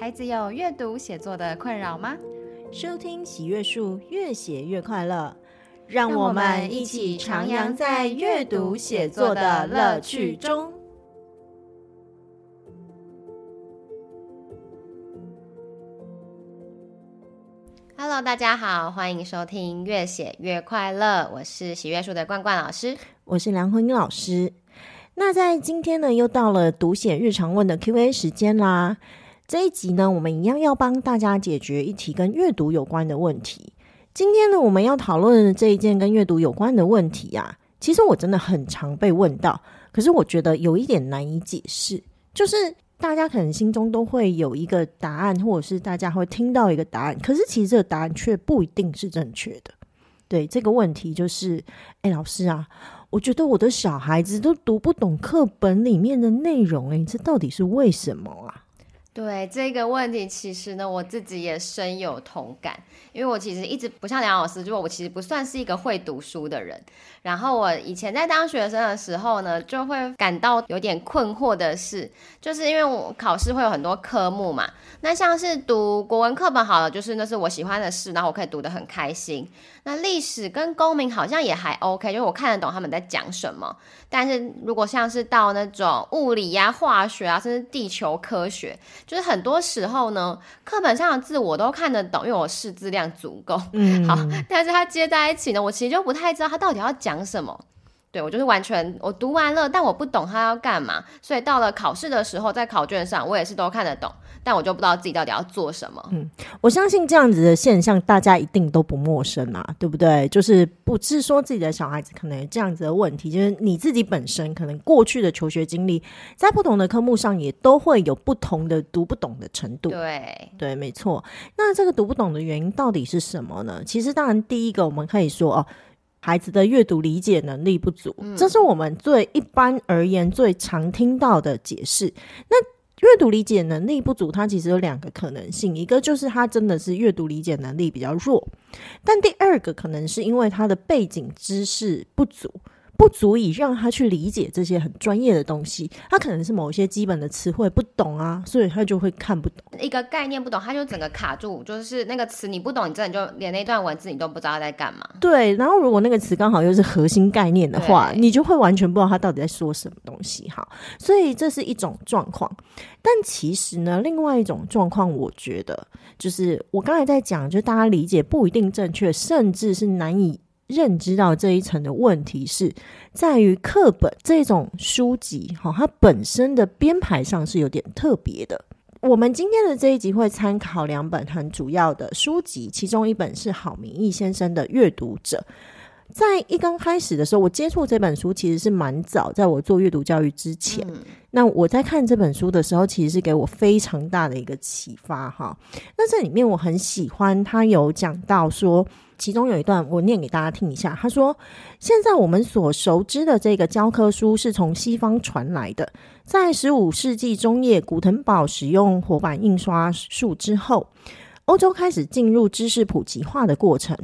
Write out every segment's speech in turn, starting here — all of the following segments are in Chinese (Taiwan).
孩子有閱讀寫作的困擾嗎？收聽《喜閱樹越寫越快樂》讓樂，讓我們一起徜徉在閱讀寫作的樂趣中。Hello，大家好，歡迎收聽《越寫越快樂》，我是喜閱樹的冠冠老師，我是梁坤英老師。那在今天呢，又到了讀寫日常問的 Q&A 時間啦。這一集呢，我們一樣要幫大家解決一題跟閱讀有關的問題。今天呢，我們要討論的這一件跟閱讀有關的問題啊。其實我真的很常被問到，可是我覺得有一點難以解釋，就是大家可能心中都會有一個答案，或者是大家會聽到一個答案，可是其實這個答案卻不一定是正確的。對，這個問題就是哎，欸、老師啊，我覺得我的小孩子都讀不懂課本裡面的內容，哎，這到底是為什麼啊？對這個問題，其實呢，我自己也深有同感，因為我其實一直不像梁老師，就我其實不算是一個會讀書的人。然後我以前在當學生的時候呢，就會感到有點困惑的是，就是因為我考試會有很多科目嘛，那像是讀國文課本好了，就是那是我喜歡的事，然後我可以讀得很開心。那歷史跟公民好像也還 OK，就是我看得懂他們在講什麼。但是如果像是到那種物理呀、啊、化學啊，甚至地球科學，就是很多時候呢，課本上的字我都看得懂，因為我識字量足夠，嗯，好。但是它接在一起呢，我其實就不太知道他到底要講什麼。對，我就是完全我讀完了，但我不懂他要幹嘛，所以到了考試的時候，在考卷上我也是都看得懂，但我就不知道自己到底要做什麼。嗯，我相信這樣子的現象大家一定都不陌生啊，對不對？就是不是說自己的小孩子可能有這樣子的問題，就是你自己本身可能過去的求學經歷，在不同的科目上也都會有不同的讀不懂的程度。對，對，沒錯。那這個讀不懂的原因到底是什麼呢？其實，當然第一個我們可以說哦。孩子的閱讀理解能力不足，嗯，這是我們最一般而言最常聽到的解釋。那閱讀理解能力不足，它其實有兩個可能性：一個就是他真的是閱讀理解能力比較弱，但第二個可能是因為他的背景知識不足。不足以讓他去理解這些很專業的東西，他可能是某些基本的詞彙不懂啊，所以他就會看不懂。一個概念不懂，他就整個卡住，就是那個詞你不懂，你真的就連那段文字你都不知道在幹嘛。對，然後如果那個詞剛好又是核心概念的話，你就會完全不知道他到底在說什麼東西。好。所以這是一種狀況，但其實呢，另外一種狀況，我覺得就是我剛才在講，就是大家理解不一定正確，甚至是難以。認知到這一層的問題是在於課本這種書籍哈，它本身的編排上是有點特別的。我們今天的這一集會參考兩本很主要的書籍，其中一本是郝明義先生的《越讀者》。在一剛開始的時候，我接觸這本書其實是蠻早，在我做閱讀教育之前，嗯。那我在看這本書的時候，其實是給我非常大的一個啟發哈。那這裡面我很喜歡他有講到說。其中有一段，我念給大家聽一下。他說：“現在我們所熟知的這個教科書是從西方傳來的。在十五世紀中葉，古騰堡使用活版印刷術之後，歐洲開始進入知識普及化的過程。”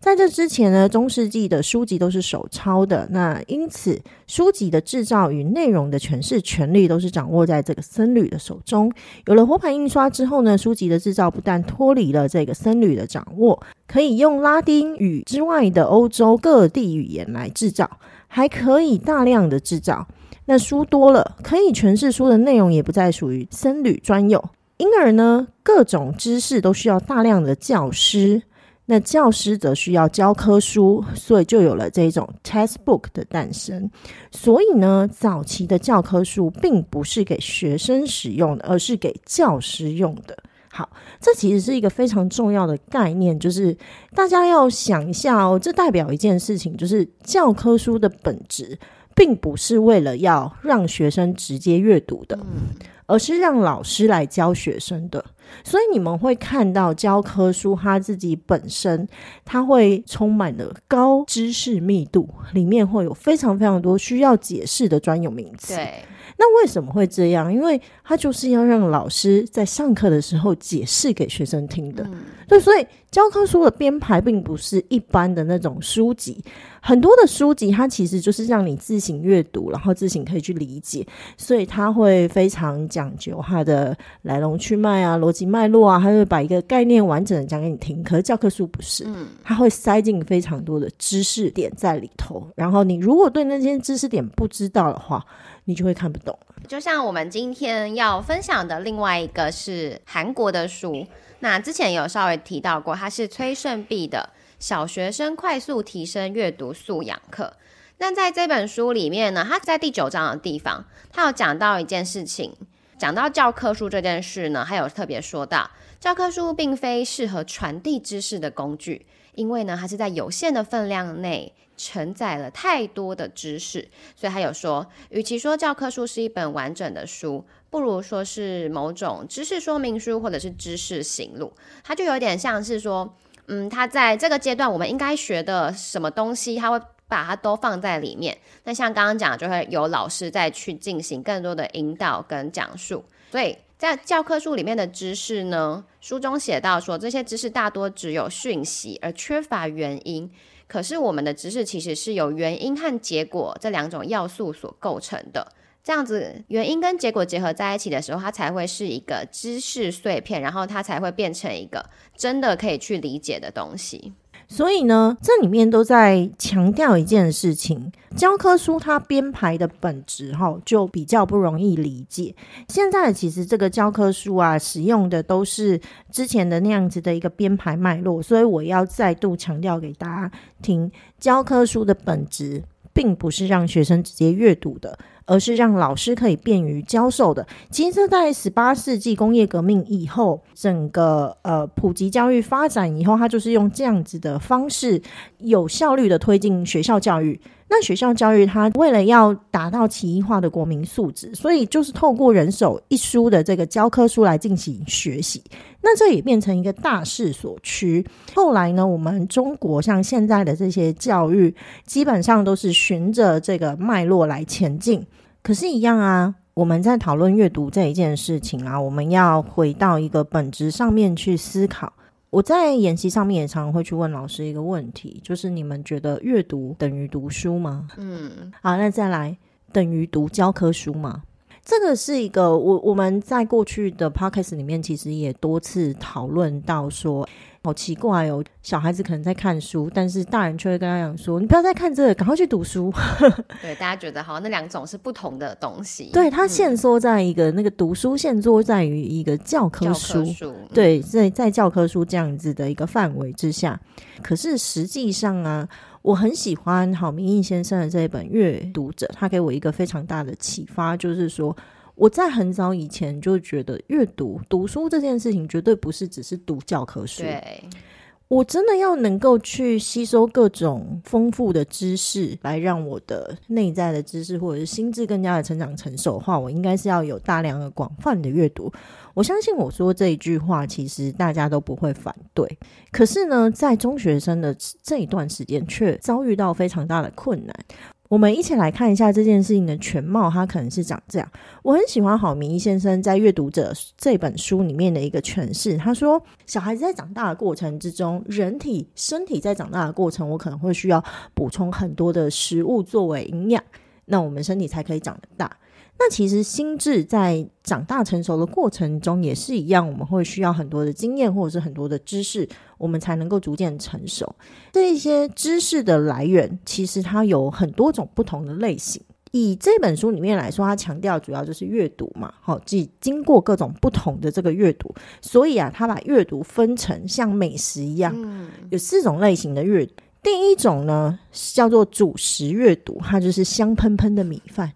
在這之前呢，中世紀的書籍都是手抄的，那因此書籍的制造與內容的詮釋權力都是掌握在這個僧侶的手中。有了活版印刷之後呢，書籍的制造不但脫離了這個僧侶的掌握，可以用拉丁語之外的歐洲各地語言來制造，還可以大量的制造。那書多了，可以詮釋書的內容也不再屬於僧侶專有，因而呢，各種知識都需要大量的教師。那教師則需要教科書，所以就有了這種 textbook 的誕生。所以呢，早期的教科書並不是給學生使用的，而是給教師用的。好，這其實是一個非常重要的概念，就是大家要想一下哦，這代表一件事情，就是教科書的本質。並不是為了要讓學生直接閱讀的。嗯，而是讓老師來教學生的。所以你們會看到教科書它自己本身，它會充滿了高知識密度，裡面會有非常非常多需要解釋的專有名詞。對。那為什麼會這樣？因為他就是要讓老師在上課的時候解釋給學生聽的。嗯。對，所以教科書的編排並不是一般的那種書籍，很多的書籍它其實就是讓你自行閱讀，然後自行可以去理解，所以他會非常講究它的來龍去脈啊、邏輯脈絡啊，他會把一個概念完整的講給你聽。可是教科書不是，嗯，它會塞進非常多的知識點在裡頭。然後你如果對那些知識點不知道的話，你就會看不懂。就像我們今天要分享的另外一個是韓國的書，那之前有稍微提到過，它是崔勝弼的《小學生快速提升閱讀素養課》。那在這本書裡面呢，它在第九章的地方，它有講到一件事情，講到教科書這件事呢，它有特別說到，教科書並非適合傳遞知識的工具。因為呢，它是在有限的分量內承載了太多的知識，所以他有說，與其說教科書是一本完整的書，不如說是某種知識說明書或者是知識型錄。它就有點像是說，嗯，它在這個階段我們應該學的什麼東西，他會把它都放在裡面。那像剛剛講，就會有老師再去進行更多的引導跟講述，所以。在教科書裡面的知識呢，書中寫到說，這些知識大多只有訊息而缺乏原因。可是我們的知識其實是由原因和結果這兩種要素所構成的。這樣子，原因跟結果結合在一起的時候，它才會是一個知識碎片，然後它才會變成一個真的可以去理解的東西。所以呢，這裡面都在強調一件事情，教科書它編排的本質，哈，就比較不容易理解。現在其實這個教科書啊，使用的都是之前的那樣子的一個編排脈絡，所以我要再度強調給大家聽，教科書的本質，並不是讓學生直接閱讀的。而是讓老師可以便於教授的。其實在十八世紀工業革命以後，整個呃普及教育發展以後，它就是用這樣子的方式，有效率的推進學校教育。那學校教育，它為了要達到齊一化的國民素質，所以就是透過人手一書的這個教科書來進行學習。那這也變成一個大勢所趨。後來呢，我們中國像現在的這些教育，基本上都是循着這個脈絡來前進。可是，一樣啊，我們在討論閱讀這一件事情啊，我們要回到一個本質上面去思考。我在演習上面也常常會去問老師一個問題，就是你們覺得閱讀等於讀書嗎？嗯，好，那再來等於讀教科書嗎？這個是一個我我們在過去的 podcast 裡面其實也多次討論到說。好奇怪哦，小孩子可能在看書，但是大人卻會跟他講說：“你不要再看這個，趕快去讀書。 ”對，大家覺得好像那兩種是不同的東西。對，他限縮在一個、嗯、那個讀書限縮在於一個教科，教科書，對，在在教科書這樣子的一個範圍之下、嗯。可是實際上啊，我很喜歡郝明義先生的這一本《越讀者》，他給我一個非常大的啟發，就是說。我在很早以前就覺得，閱讀讀書這件事情絕對不是只是讀教科書。對。我真的要能夠去吸收各種豐富的知識，來讓我的內在的知識或者是心智更加的成長成熟的話，我應該是要有大量的廣泛的閱讀。我相信我說這一句話，其實大家都不會反對。可是呢，在中學生的這一段時間，卻遭遇到非常大的困難。我們一起來看一下這件事情的全貌，它可能是長這樣。我很喜歡郝明義先生在《越讀者》這本書裡面的一個詮釋，他說，小孩子在長大的過程之中，人體身體在長大的過程，我可能會需要補充很多的食物作為營養。那我們身體才可以長得大。那其實心智在長大成熟的過程中也是一樣，我們會需要很多的經驗或者是很多的知識，我們才能夠逐漸成熟。這一些知識的來源其實它有很多種不同的類型。以這本書裡面來說，它強調主要就是閱讀嘛，好、哦，即經過各種不同的這個閱讀，所以啊，它把閱讀分成像美食一樣，嗯、有四種類型的閱讀。第一種呢，叫做主食閱讀，它就是香噴噴的米飯。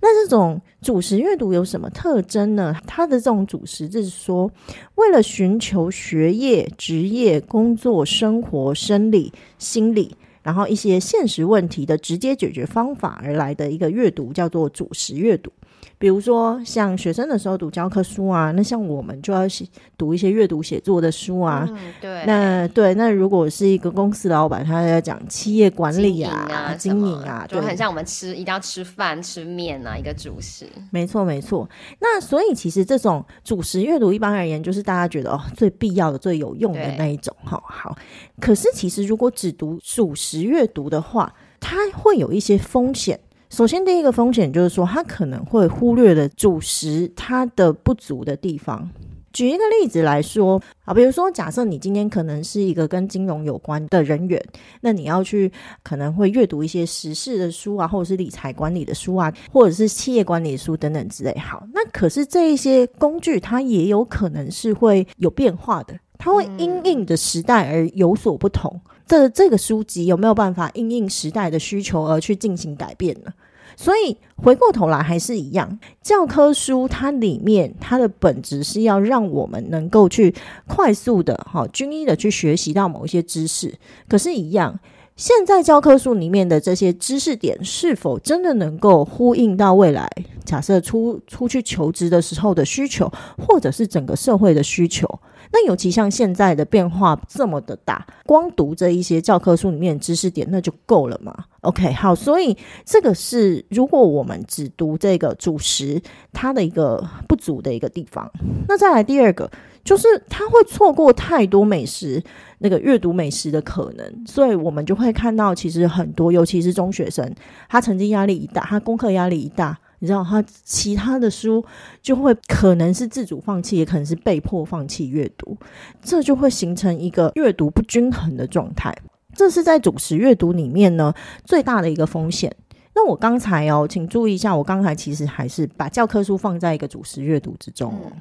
那這種主食閱讀有什麼特徵呢？它的這種主食就是說，為了尋求學業、職業、工作、生活、生理、心理，然後一些現實問題的直接解決方法而來的一個閱讀，叫做主食閱讀。比如說，像學生的時候讀教科書啊，那像我們就要寫讀一些閱讀寫作的書啊。嗯、對。那對，那如果是一個公司老板，他要講企業管理啊、經營啊，營啊就很像我們吃一定要吃飯、吃麵啊，一個主食。沒錯，沒錯。那所以其實這種主食閱讀，一般而言就是大家覺得哦，最必要的、最有用的那一種。好、哦、好。可是其實如果只讀主食閱讀的話，它會有一些風險。首先，第一個風險就是說，他可能會忽略了主食它的不足的地方。舉一個例子來說啊，比如說，假設你今天可能是一個跟金融有關的人員，那你要去可能會閱讀一些時事的書啊，或者是理財管理的書啊，或者是企業管理的書等等之類。好，那可是這一些工具，它也有可能是會有變化的，它會因應的時代而有所不同。嗯這這個書籍有沒有辦法應應時代的需求而去進行改變呢？所以回過頭來還是一樣，教科書它裡面它的本質是要讓我們能夠去快速的哈，均一的去學習到某一些知識。可是，一樣，現在教科書裡面的這些知識點是否真的能夠呼應到未來？假設出出去求職的時候的需求，或者是整個社會的需求？那尤其像現在的變化這麼的大，光讀這一些教科書裡面的知識點那就夠了嘛，OK，好，所以這個是如果我們只讀這個主食，它的一個不足的一個地方。那再來第二個，就是他會錯過太多美食，那個閱讀美食的可能。所以我們就會看到，其實很多，尤其是中學生，他成績壓力一大，他功課壓力一大。你知道他其他的書就會可能是自主放棄，也可能是被迫放棄閱讀，這就會形成一個閱讀不均衡的狀態。這是在主食閱讀裡面呢最大的一個風險。那我剛才哦，請注意一下，我剛才其實還是把教科書放在一個主食閱讀之中、嗯、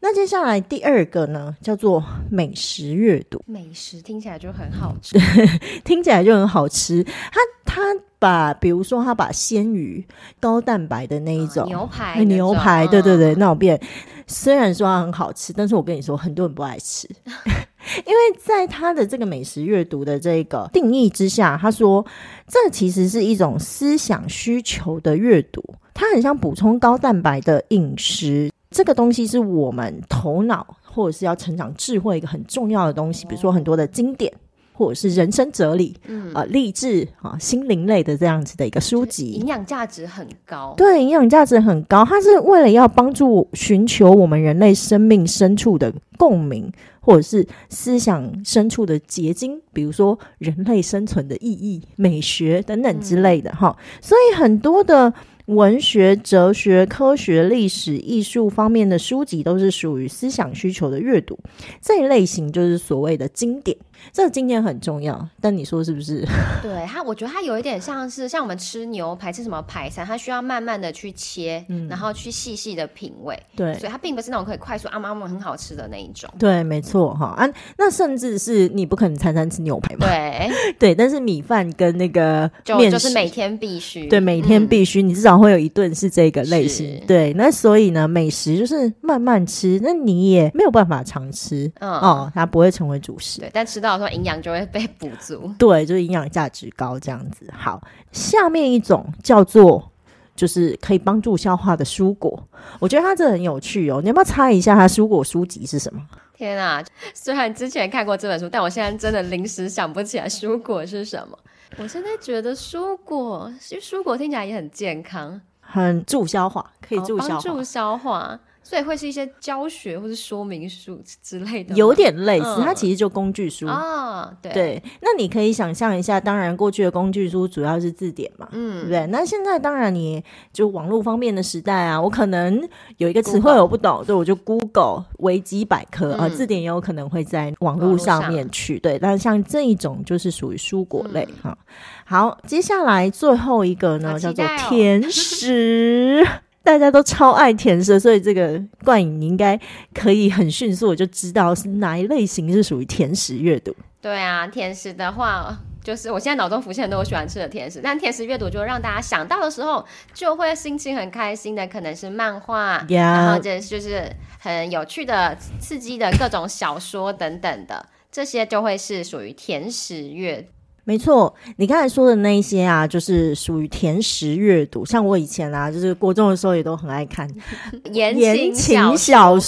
那接下來第二個呢，叫做美食閱讀。美食聽起來就很好吃， 聽起來就很好吃。它它。把，比如說他把鮮魚、高蛋白的那一種牛排種，牛排，對對對，那種變，雖然說它很好吃，但是我跟你說，很多人不愛吃， 因為在他的這個美食閱讀的這個定義之下，他說，這其實是一種思想需求的閱讀，它很像補充高蛋白的飲食，這個東西是我們頭腦或者是要成長智慧一個很重要的東西，哦、比如說很多的經典。或者是人生哲理，嗯啊，呃、勵志啊，心靈類的這樣子的一個書籍，就是、營養價值很高。對，營養價值很高。它是為了要幫助尋求我們人類生命深處的共鳴，或者是思想深處的結晶，比如說人類生存的意義、美學等等之類的哈、嗯。所以很多的。文學、哲學、科學、歷史、藝術方面的書籍都是屬於思想需求的閱讀，這一類型就是所謂的經典。這個經典很重要，但你說是不是？對，它，我覺得它有一點像是像我們吃牛排，吃什麼排餐，它需要慢慢的去切，嗯、然後去細細的品味。對，所以它並不是那種可以快速啊嘛啊嘛很好吃的那一種。對，沒錯哈。啊，那甚至是你不可能餐餐吃牛排嘛。對對，但是米飯跟那個麵就，就是每天必須，對，每天必須、嗯，你至少。會有一頓是這個類型，對，那所以呢，美食就是慢慢吃，那你也沒有辦法常吃，嗯、哦，它不會成為主食，對，但吃到的時候營養就會被補足，對，就是營養價值高這樣子。好，下面一種叫做就是可以幫助消化的蔬果，我覺得它這很有趣哦，你要不要猜一下它蔬果書籍是什麼？天啊，雖然之前看過這本書，但我現在真的臨時想不起來蔬果是什麼？我現在覺得蔬果，因為蔬果聽起來也很健康，很助消化，可以助消化，哦，幫助消化。所以會是一些教學或是說明書之類的，有點類似、嗯，它其實就工具書啊、嗯哦。對，那你可以想象一下，當然過去的工具書主要是字典嘛，嗯，對不對？那現在當然你就網絡方面的時代啊，我可能有一個詞彙我不懂古古，對，我就 Google、維基百科啊、嗯，字典也有可能會在網絡上面去。對，但像這一種就是屬於蔬果類哈、嗯啊。好，接下來最後一個呢，哦、叫做甜食。 大家都超愛甜食，所以這個冠冠你應該可以很迅速的就知道是哪一類型是屬於甜食閱讀。對啊，甜食的話，就是我現在腦中浮現很多我喜歡吃的甜食。但甜食閱讀就讓大家想到的時候，就會心情很開心的，可能是漫畫，yeah. 然後就是就是很有趣的、刺激的各種小說等等的，這些就會是屬於甜食閱讀。沒錯，你剛才說的那些啊，就是屬於甜食閱讀。像我以前啊，就是國中的時候也都很愛看 言，情言情小說、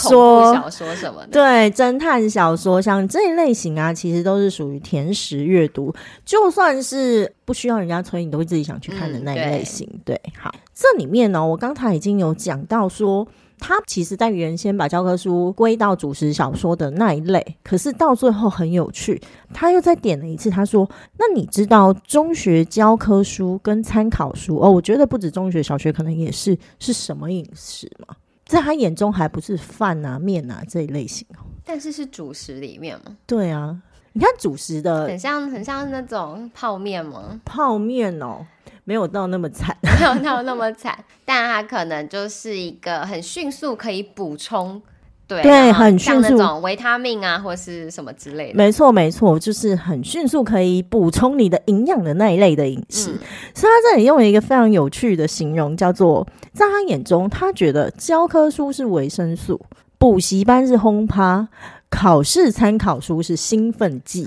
小說什麼的。對，偵探小說像這一類型啊，其實都是屬於甜食閱讀，就算是不需要人家催，你都會自己想去看的那一類型。嗯、對，對，好，這裡面呢，我剛才已經有講到說。他其實，在原先把教科書歸到主食小說的那一類，可是到最後很有趣，他又再點了一次，他說：“那你知道中學教科書跟參考書，哦，我覺得不止中學，小學可能也是，是什麼飲食嘛？在他眼中，還不是飯啊、面啊這一類型哦。但是是主食裡面嗎？對啊，你看主食的，很像很像是那種泡面嗎？泡面哦。”沒有到那麼慘，沒有到那麼慘， 但他可能就是一個很迅速可以補充，對對、啊，很迅速那種維他命啊，或是什麼之類的。沒錯，沒錯，就是很迅速可以補充你的營養的那一類的飲食，嗯。所以他這裡用了一個非常有趣的形容，叫做，在他眼中，他覺得教科書是維生素，補習班是轟趴，考試參考書是興奮劑。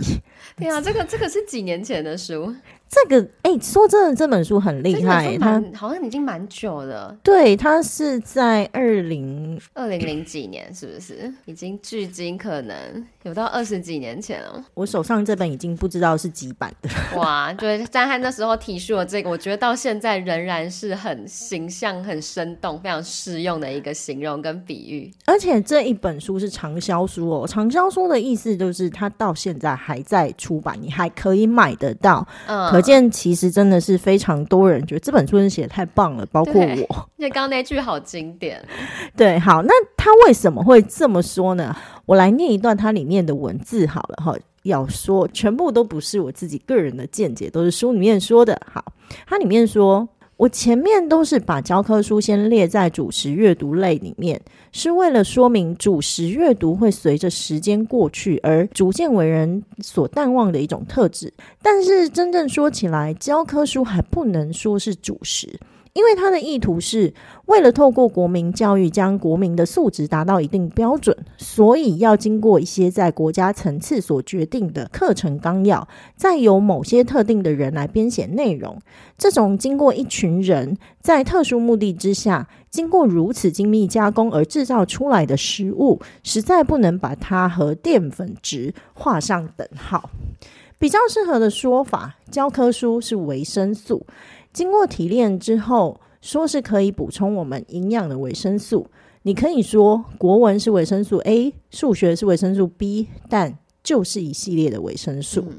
對、哎、呀，這個這個是幾年前的書。這個哎，說真的，這本書很厲害。它好像已經蠻久了。對，它是在二零二零零幾年， 是不是？已經距今可能有到二十幾年前了。我手上這本已經不知道是幾版的。哇，對在張翰那時候提出的這個， 我覺得到現在仍然是很形象、很生動、非常適用的一個形容跟比喻。而且這一本書是長銷書哦。長銷書的意思就是它到現在還在出版，你還可以買得到。嗯。我見其實真的是非常多人覺得這本書寫得太棒了，包括我。那剛剛那句好經典， 對，好，那他為什麼會這麼說呢？我來念一段它裡面的文字好了哈，要說全部都不是我自己個人的見解，都是書裡面說的。好，它裡面說。我前面都是把教科書先列在主食閱讀類裡面，是為了說明主食閱讀會隨着時間過去而逐漸為人所淡忘的一種特質。但是真正說起來，教科書還不能說是主食。因為他的意圖是為了透過國民教育將國民的素質達到一定標準，所以要經過一些在國家層次所決定的課程綱要，再由某些特定的人來編寫內容。這種經過一群人在特殊目的之下，經過如此精密加工而製造出來的食物，實在不能把它和澱粉質畫上等號。比較適合的說法，教科書是維生素。經過提煉之後，說是可以補充我們營養的維生素。你可以說國文是維生素 A，數學是維生素 B，但就是一系列的維生素。嗯、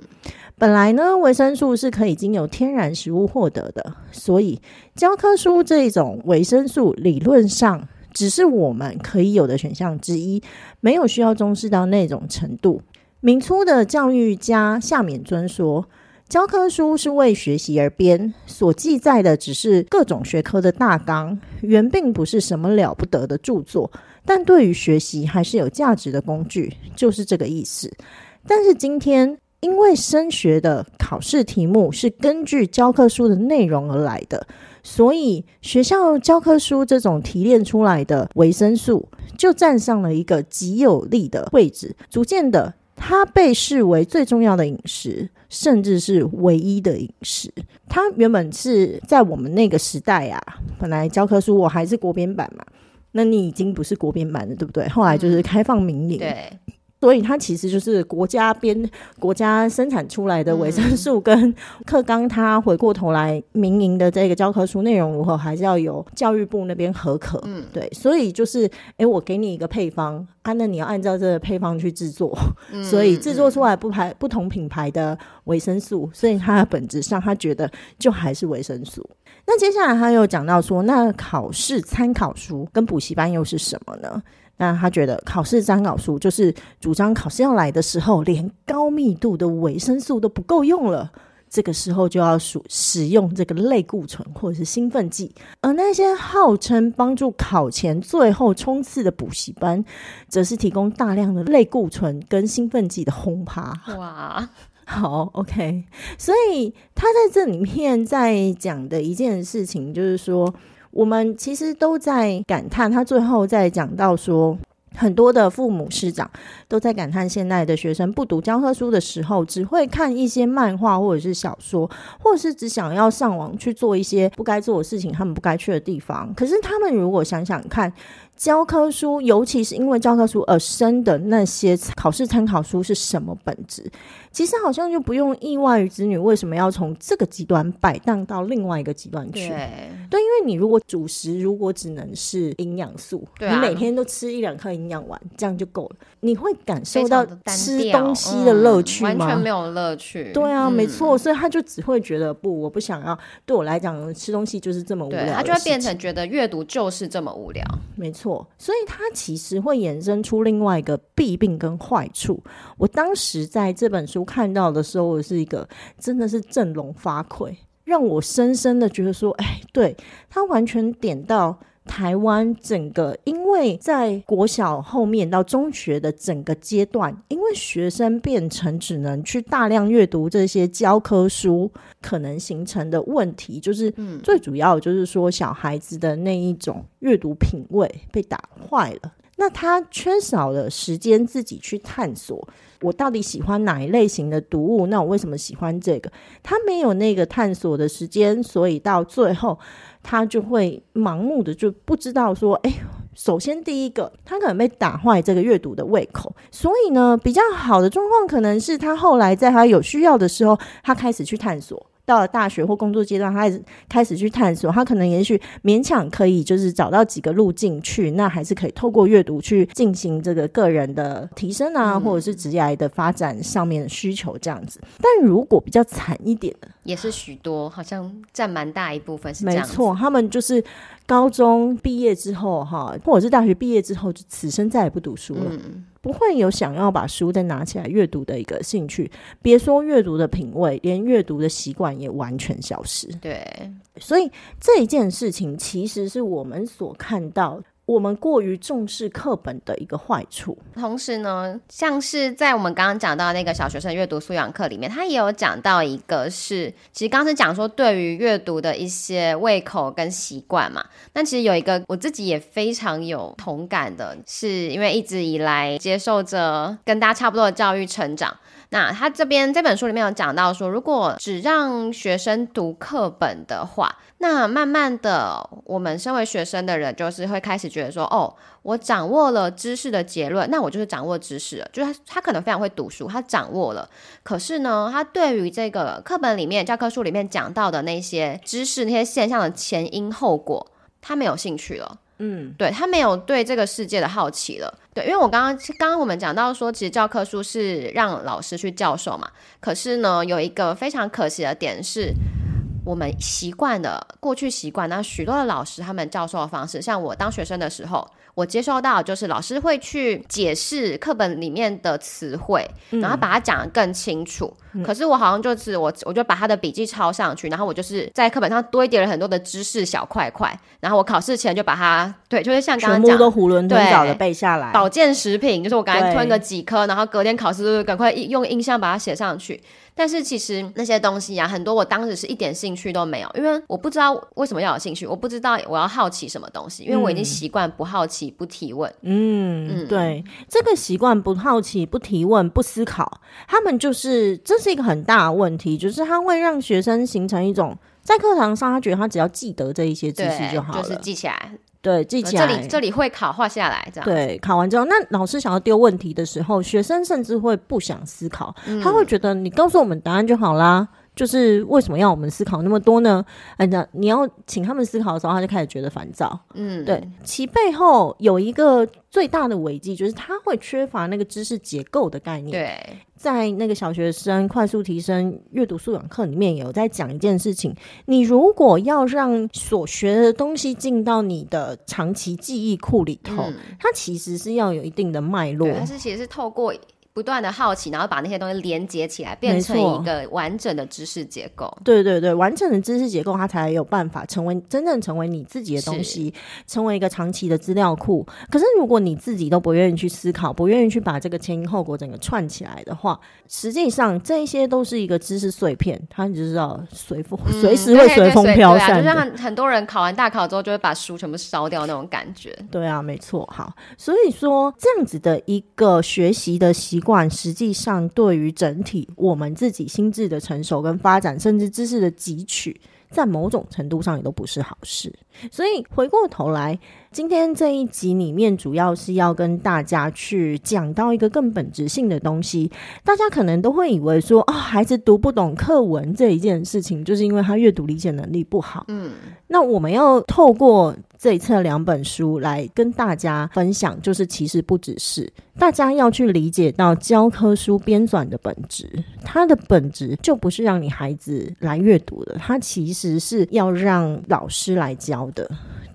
本來呢，維生素是可以經由天然食物获得的，所以教科書這種維生素理論上只是我們可以有的選項之一，沒有需要重視到那種程度。明初的教育家夏丏尊說。教科書是為學習而編，所記載的只是各種學科的大綱，原並不是什麼了不得的著作，但對於學習還是有價值的工具，就是這個意思。但是今天，因為升學的考試題目是根據教科書的內容而來的，所以學校教科書這種提煉出來的維生素，就站上了一個極有利的位置，逐漸的。它被視為最重要的飲食，甚至是唯一的飲食。它原本是在我們那個時代啊，本來教科書我還是國編版嘛，那你已經不是國編版了，對不對？後來就是開放民營。嗯，對。所以它其實就是國家編、國家生產出來的維生素，跟課綱。他回過頭來，民營的這個教科書內容如何，還是要由教育部那邊核可，嗯，對，所以就是，誒，我給你一個配方，啊，那你要按照這個配方去製作。嗯，所以製作出來不排不同品牌的維生素，所以它的本質上，他覺得就還是維生素。那接下來他又講到說，那考試參考書跟補習班又是什麼呢？那他覺得考試參考書就是主張考試要來的時候，連高密度的維生素都不夠用了，這個時候就要使使用這個類固醇或者是興奮劑，而那些號稱幫助考前最後衝刺的補習班，則是提供大量的類固醇跟興奮劑的轟趴。哇，好，OK，所以他在這裡面在講的一件事情就是說，我們其實都在感嘆，他最後在講到說，很多的父母師長都在感嘆，現在的學生不讀教科書的時候，只會看一些漫畫或者是小說，或者是只想要上網去做一些不該做的事情，他們不該去的地方。可是他們如果想想看，教科書，尤其是因為教科書而生的那些考試參考書是什麼本質？其實好像就不用意外於子女為什麼要從這個極端擺盪到另外一個極端去。對、欸。對，因為你如果主食如果只能是營養素、啊，你每天都吃一兩顆營養丸，這樣就夠了。你會感受到吃東西的樂趣嗎、嗯？完全沒有樂趣。對啊，沒錯。所以他就只會覺得、嗯、不，我不想要。對我來講，吃東西就是這麼無聊。對。他就會變成覺得閱讀就是這麼無聊，沒錯。錯，所以他其實會衍生出另外一個弊病跟壞處。我當時在這本書看到的時候，我是一個真的是振聾發聵，讓我深深的覺得說，哎，對，他完全點到。台灣整個，因為在國小後面到中學的整個階段，因為學生變成只能去大量閱讀這些教科書，可能形成的問題就是，最主要就是說小孩子，的那一種閱讀品味被打壞了。嗯。那他缺少了時間自己去探索，我到底喜歡哪一類型的讀物？那我為什麼喜歡這個？他沒有那個探索的時間，所以到最後。他就會盲目的就不知道說，哎、欸，首先第一個，他可能被打壞這個閱讀的胃口，所以呢，比較好的狀況可能是他後來在他有需要的時候，他開始去探索。到了大學或工作階段，他開始去探索，他可能也許勉強可以，就是找到幾個路徑去，那還是可以透過閱讀去進行這個個人的提升啊，嗯、或者是職業的發展上面的需求這樣子。但如果比較慘一點的，也是許多，好像占蠻大一部分是這樣沒錯。他們就是高中畢業之後哈，或者是大學畢業之後，就此生再也不讀書了。嗯不會有想要把書再拿起來閱讀的一個興趣，別說閱讀的品味，連閱讀的習慣也完全消失。對，所以這件事情其實是我們所看到。我們過於重視課本的一個壞處，同時呢，像是在我們剛剛講到那個小學生閱讀素養課裡面，他也有講到一個是，是其實剛才講說對於閱讀的一些胃口跟習慣嘛，但其實有一個我自己也非常有同感的是，是因為一直以來接受着跟大家差不多的教育成長。那他這邊這本書裡面有講到說，如果只讓學生讀課本的話，那慢慢的，我們身為學生的人就是會開始覺得說，哦，我掌握了知識的結論，那我就是掌握知識了。就是他，他可能非常會讀書，他掌握了，可是呢，他對於這個課本裡面教科書裡面講到的那些知識、那些現象的前因後果，他沒有興趣了。嗯，對，他沒有對這個世界的好奇了。對，因為我剛剛剛剛我們講到說，其實教科書是讓老師去教授嘛。可是呢，有一個非常可惜的點是，我們習慣了過去習慣，那許多的老師他們教授的方式，像我當學生的時候。我接受到就是老師會去解釋課本裡面的詞彙、嗯，然後把它講得更清楚，嗯。可是我好像就是我，我就把他的筆記抄上去，然後我就是在課本上堆疊了很多的知識小塊塊。然後我考試前就把它，對，就是像剛剛講，都囫圇吞棗的背下來。保健食品就是我趕快吞個幾顆，然後隔天考試就趕快用印象把它寫上去。但是其實那些東西啊，很多我當時是一點興趣都沒有，因為我不知道為什麼要有興趣，我不知道我要好奇什麼東西，因為我已經習慣不好奇。嗯不提問，嗯，對嗯，這個習慣不好奇，不提問，不思考，他們就是這是一個很大的問題，就是他會讓學生形成一種在課堂上，他覺得他只要記得這一些知識就好了，就是記起來，對，記起來，這裡這裡會考畫下來，這樣，對，考完之後，那老師想要丟問題的時候，學生甚至會不想思考，嗯，他會覺得你告訴我們答案就好啦。就是為什麼要我們思考那麼多呢？哎，那你要請他們思考的時候，他就開始覺得煩躁。嗯，對，其背後有一個最大的危機，就是他會缺乏那個知識結構的概念。對，在那個小學生快速提升閱讀素養課裡面，有在講一件事情：你如果要讓所學的東西進到你的長期記憶庫裡頭，嗯，它其實是要有一定的脈絡。它是其實是透過。不斷的好奇，然後把那些東西連接起來，變成一個完整的知識結構。對對對，完整的知識結構，它才有辦法成為真正成為你自己的東西，成為一個長期的資料庫。可是如果你自己都不願意去思考，不願意去把這個前因後果整個串起來的話，實際上這一些都是一個知識碎片，它你就知道隨風隨時會隨風飄散。嗯，對對對啊，就像很多人考完大考之後就會把書全部燒掉那種感覺。對啊，沒錯。好，所以說這樣子的一個學習的習。實際上，對於整體我們自己心智的成熟跟發展，甚至知識的汲取，在某種程度上也都不是好事。所以回過頭來，今天這一集裡面主要是要跟大家去講到一個更本質性的東西。大家可能都會以為說，哦，孩子讀不懂課文這一件事情，就是因為他閱讀理解能力不好。嗯，那我們要透過這一冊兩本書來跟大家分享，就是其實不只是大家要去理解到教科書編纂的本質，它的本質就不是讓你孩子來閱讀的，它其實是要讓老師來教。好的，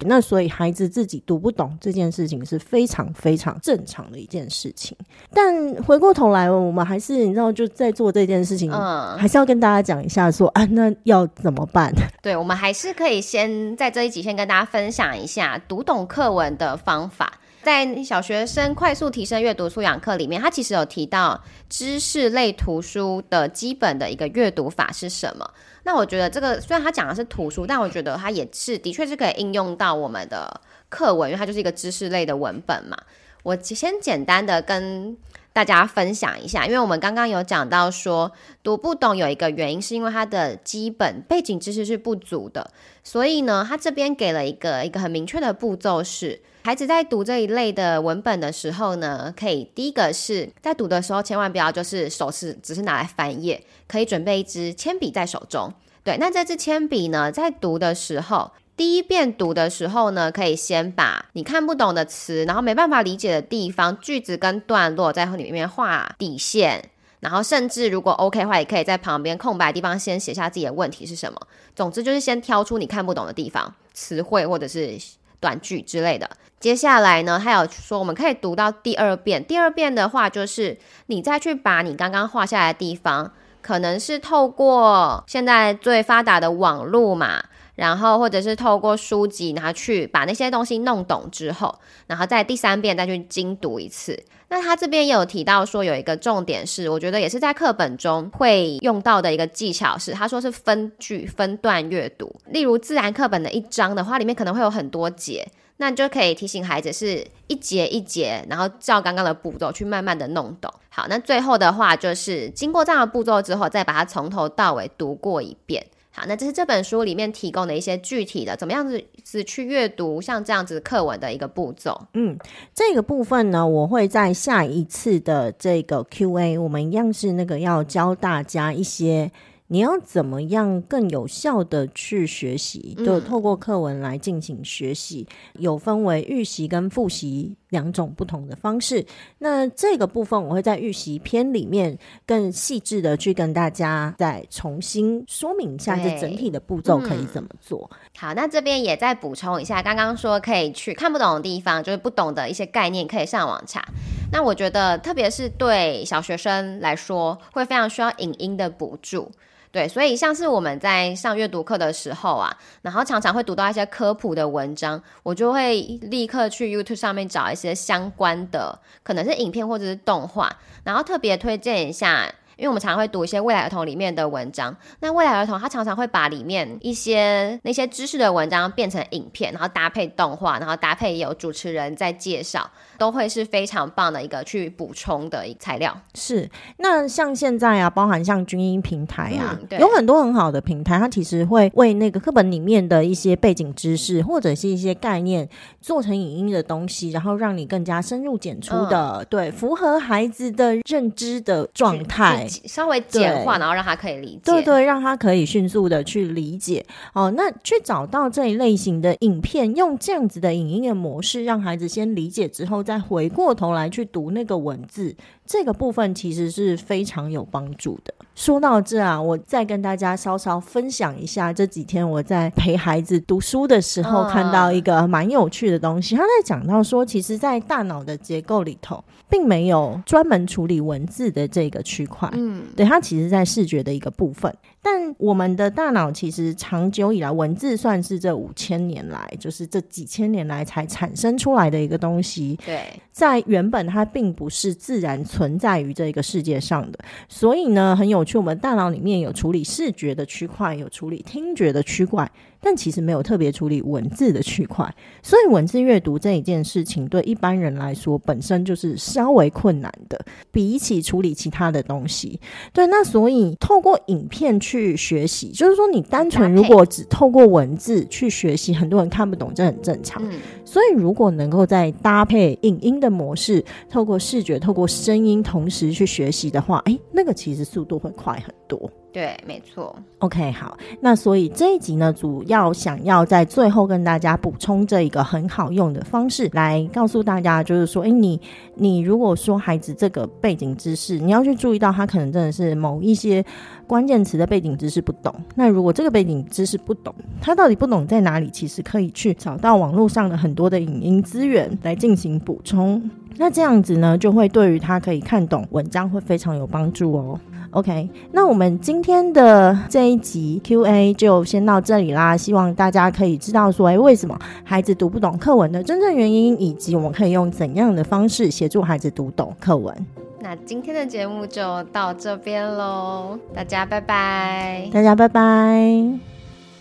那所以孩子自己讀不懂這件事情是非常非常正常的一件事情。但回過頭來，我們還是你知道就在做這件事情，嗯，還是要跟大家講一下說啊，那要怎麼辦？對，我們還是可以先在這一集先跟大家分享一下讀懂課文的方法。在小學生快速提升閱讀素養課裡面，他其實有提到知識類圖書的基本的一個閱讀法是什麼。那我覺得這個雖然他講的是圖書，但我覺得它也是的確是可以應用到我們的課文，因為它就是一個知識類的文本嘛。我先簡單的跟大家分享一下，因為我們剛剛有講到說讀不懂有一個原因，是因為它的基本背景知識是不足的。所以呢，他這邊給了一個一個很明確的步驟是。孩子在讀這一類的文本的時候呢，可以第一個是在讀的時候，千萬不要就是手持只是拿來翻頁，可以準備一支鉛筆在手中。對，那這支鉛筆呢，在讀的時候，第一遍讀的時候呢，可以先把你看不懂的詞，然後沒辦法理解的地方、句子跟段落，在裡面畫底線。然後，甚至如果 OK 的話，也可以在旁邊空白的地方先寫下自己的問題是什麼。總之，就是先挑出你看不懂的地方，詞彙或者是。短句之類的。接下來呢，還有說我們可以讀到第二遍。第二遍的話，就是你再去把你剛剛畫下來的地方，可能是透過現在最發達的網絡嘛，然後或者是透過書籍拿去把那些東西弄懂之後，然後在第三遍再去精讀一次。那他這邊也有提到說有一個重點是，我覺得也是在課本中會用到的一個技巧是，他說是分句分段閱讀。例如自然課本的一章的話，裡面可能會有很多節，那你就可以提醒孩子是一節一節，然後照剛剛的步驟去慢慢的弄懂。好，那最後的話就是經過這樣的步驟之後，再把它從頭到尾讀過一遍。好，那這是這本書裡面提供的一些具體的怎麼樣子只去閱讀像這樣子課文的一個步驟。嗯，這個部分呢，我會在下一次的這個 Q&A，我們一樣是那個要教大家一些。你要怎麼樣更有效的去學習？嗯。就透過課文來進行學習，有分為預習跟複習兩種不同的方式。那這個部分我會在預習篇裡面更細緻的去跟大家再重新說明一下，這整體的步驟可以怎麼做。嗯。好，那這邊也再補充一下，剛剛說可以去看不懂的地方，就是不懂的一些概念可以上網查。那我覺得，特別是對小學生來說，會非常需要影音的補助。對，所以像是我們在上閱讀課的時候啊，然後常常會讀到一些科普的文章，我就會立刻去 YouTube 上面找一些相關的，可能是影片，或者是動畫，然後特別推薦一下。因為我們常常會讀一些未來兒童裡面的文章，那未來兒童他常常會把裡面一些那些知識的文章變成影片，然後搭配動畫，然後搭配有主持人在介紹，都會是非常棒的一個去補充的一材料。是，那像現在啊，包含像均一平台啊、嗯，有很多很好的平台，它其實會為那個課本裡面的一些背景知識、嗯、或者是一些概念做成影音的東西，然後讓你更加深入淺出的、嗯，對，符合孩子的認知的狀態。嗯嗯，稍微簡化，然後讓他可以理解。對，對對，讓他可以迅速的去理解哦。那去找到這一類型的影片，用這樣子的影音的模式，讓孩子先理解之後，再回過頭來去讀那個文字，這個部分其實是非常有幫助的。說到這啊，我再跟大家稍稍分享一下，這幾天我在陪孩子讀書的時候，看到一個蠻有趣的東西。他、嗯、在講到說，其實，在大腦的結構裡頭。並沒有專門處理文字的這個區塊，嗯，對，它其實在視覺的一個部分。但我們的大腦其實長久以來，文字算是這五千年來，就是這幾千年來才產生出來的一個東西。對，在原本它並不是自然存在於這個世界上的，所以呢，很有趣。我們大腦裡面有處理視覺的區塊，有處理聽覺的區塊，但其實沒有特別處理文字的區塊。所以文字閱讀這一件事情，對一般人來說，本身就是稍微困難的，比起處理其他的東西。對，那所以透過影片。去學習，就是說你單純如果只透過文字去學習，很多人看不懂，這很正常。嗯、所以如果能夠在搭配影音，音的模式，透過視覺、透過聲音同時去學習的話，哎、欸，那個其實速度會快很多。對，沒錯。OK，好，那所以這一集呢，主要想要在最後跟大家補充這一個很好用的方式，來告訴大家，就是說，誒，你你如果說孩子這個背景知識，你要去注意到他可能真的是某一些關鍵詞的背景知識不懂。那如果這個背景知識不懂，他到底不懂在哪裡，其實可以去找到網絡上的很多的影音資源來進行補充。那這樣子呢，就會對於他可以看懂文章會非常有幫助哦。OK，那我們今天的這一集 Q&A 就先到這裡啦。希望大家可以知道說，哎，為什麼孩子讀不懂課文的真正原因，以及我們可以用怎樣的方式協助孩子讀懂課文。那今天的節目就到這邊嘍，大家拜拜，大家拜拜。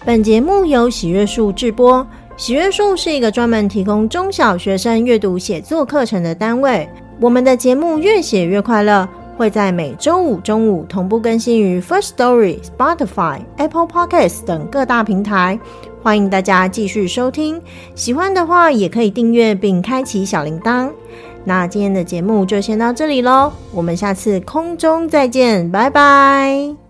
本節目由喜閱樹制播，喜閱樹是一個專門提供中小學生閱讀寫作課程的單位。我們的節目越寫越快樂。會在每周五中午同步更新於 First Story、Spotify、Apple Podcasts 等各大平台，歡迎大家繼續收聽。喜歡的話也可以訂閱並開啟小鈴鐺。那今天的節目就先到這裡嘍，我們下次空中再見，拜拜。